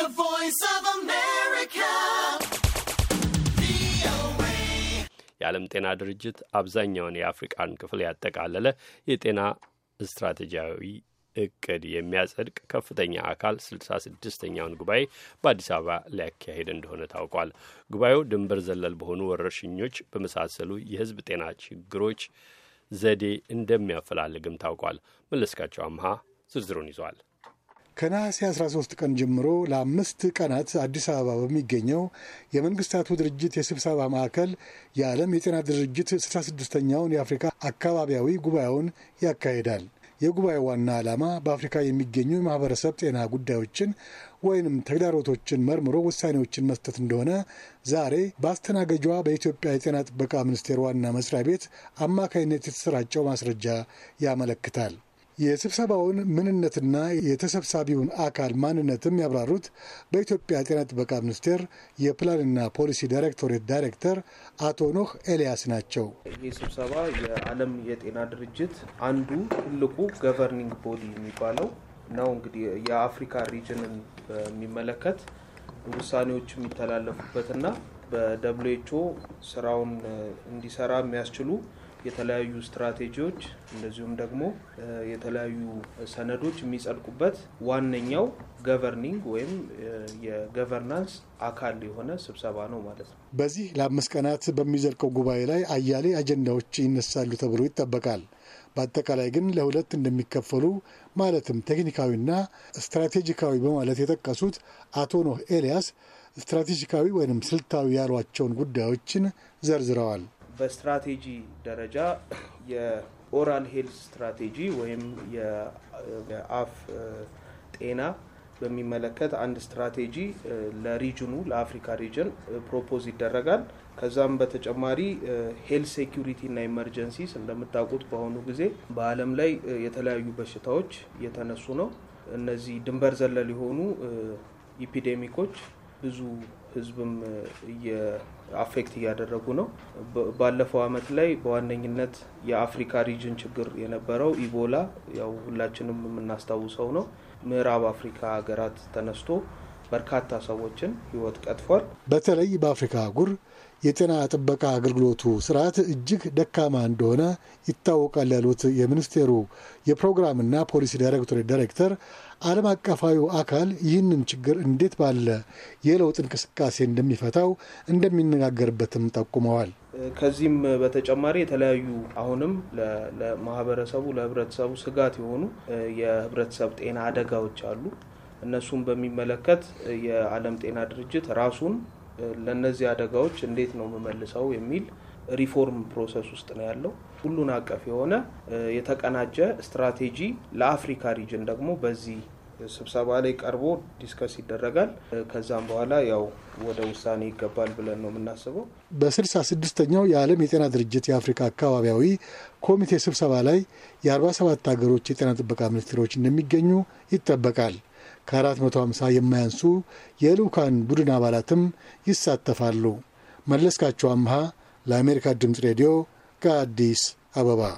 The Voice of America. የዓለም ጤና ድርጅት አብዛኛውን የአፍሪቃን ክፍል ያጠቃለለ የጤና ስትራቴጂያዊ እቅድ የሚያጸድቅ ከፍተኛ አካል ስልሳ ስድስተኛውን ጉባኤ በአዲስ አበባ ሊያካሄድ እንደሆነ ታውቋል። ጉባኤው ድንበር ዘለል በሆኑ ወረርሽኞች በመሳሰሉ የሕዝብ ጤና ችግሮች ዘዴ እንደሚያፈላልግም ታውቋል። መለስካቸው አምሃ ዝርዝሩን ይዟል። ከነሐሴ 13 ቀን ጀምሮ ለአምስት ቀናት አዲስ አበባ በሚገኘው የመንግስታቱ ድርጅት የስብሰባ ማዕከል የዓለም የጤና ድርጅት 66ኛውን የአፍሪካ አካባቢያዊ ጉባኤውን ያካሂዳል። የጉባኤው ዋና ዓላማ በአፍሪካ የሚገኙ የማህበረሰብ ጤና ጉዳዮችን ወይንም ተግዳሮቶችን መርምሮ ውሳኔዎችን መስጠት እንደሆነ ዛሬ በአስተናገጇ በኢትዮጵያ የጤና ጥበቃ ሚኒስቴር ዋና መስሪያ ቤት አማካይነት የተሰራጨው ማስረጃ ያመለክታል። የስብሰባውን ምንነትና የተሰብሳቢውን አካል ማንነትም ያብራሩት በኢትዮጵያ ጤና ጥበቃ ሚኒስቴር የፕላንና ፖሊሲ ዳይሬክቶሬት ዳይሬክተር አቶ ኖህ ኤልያስ ናቸው። ይህ ስብሰባ የዓለም የጤና ድርጅት አንዱ ትልቁ ገቨርኒንግ ቦዲ የሚባለው ነው። እንግዲህ የአፍሪካ ሪጅንን በሚመለከት ውሳኔዎች የሚተላለፉበትና በደብሊው ስራውን እንዲሰራ የሚያስችሉ የተለያዩ ስትራቴጂዎች እንደዚሁም ደግሞ የተለያዩ ሰነዶች የሚጸድቁበት ዋነኛው ገቨርኒንግ ወይም የገቨርናንስ አካል የሆነ ስብሰባ ነው ማለት ነው። በዚህ ለአምስት ቀናት በሚዘልቀው ጉባኤ ላይ አያሌ አጀንዳዎች ይነሳሉ ተብሎ ይጠበቃል። በአጠቃላይ ግን ለሁለት እንደሚከፈሉ ማለትም ቴክኒካዊና ስትራቴጂካዊ በማለት የጠቀሱት አቶ ኖህ ኤልያስ ስትራቴጂካዊ ወይም ስልታዊ ያሏቸውን ጉዳዮችን ዘርዝረዋል። በስትራቴጂ ደረጃ የኦራል ሄልዝ ስትራቴጂ ወይም የአፍ ጤና በሚመለከት አንድ ስትራቴጂ ለሪጅኑ ለአፍሪካ ሪጅን ፕሮፖዝ ይደረጋል። ከዛም በተጨማሪ ሄልት ሴኪሪቲ እና ኢመርጀንሲስ እንደምታውቁት በአሁኑ ጊዜ በዓለም ላይ የተለያዩ በሽታዎች እየተነሱ ነው። እነዚህ ድንበር ዘለል የሆኑ ኢፒዴሚኮች ብዙ ህዝብም አፌክት እያደረጉ ነው። ባለፈው አመት ላይ በዋነኝነት የአፍሪካ ሪጅን ችግር የነበረው ኢቦላ ያው ሁላችንም የምናስታውሰው ነው። ምዕራብ አፍሪካ ሀገራት ተነስቶ በርካታ ሰዎችን ህይወት ቀጥፏል። በተለይ በአፍሪካ አህጉር የጤና ጥበቃ አገልግሎቱ ስርዓት እጅግ ደካማ እንደሆነ ይታወቃል ያሉት የሚኒስቴሩ የፕሮግራምና ፖሊሲ ዳይሬክቶሬት ዳይሬክተር፣ ዓለም አቀፋዊ አካል ይህንን ችግር እንዴት ባለ የለውጥ እንቅስቃሴ እንደሚፈታው እንደሚነጋገርበትም ጠቁመዋል። ከዚህም በተጨማሪ የተለያዩ አሁንም ለማህበረሰቡ ለህብረተሰቡ ስጋት የሆኑ የህብረተሰብ ጤና አደጋዎች አሉ። እነሱን በሚመለከት የዓለም ጤና ድርጅት ራሱን ለእነዚህ አደጋዎች እንዴት ነው የምመልሰው የሚል ሪፎርም ፕሮሰስ ውስጥ ነው ያለው። ሁሉን አቀፍ የሆነ የተቀናጀ ስትራቴጂ ለአፍሪካ ሪጅን ደግሞ በዚህ ስብሰባ ላይ ቀርቦ ዲስከስ ይደረጋል። ከዛም በኋላ ያው ወደ ውሳኔ ይገባል ብለን ነው የምናስበው። በስልሳ ስድስተኛው የዓለም የጤና ድርጅት የአፍሪካ አካባቢያዊ ኮሚቴ ስብሰባ ላይ የአርባ ሰባት ሀገሮች የጤና ጥበቃ ሚኒስትሮች እንደሚገኙ ይጠበቃል። ከ450 የማያንሱ የልዑካን ቡድን አባላትም ይሳተፋሉ። መለስካቸው አምሃ ለአሜሪካ ድምፅ ሬዲዮ ከአዲስ አበባ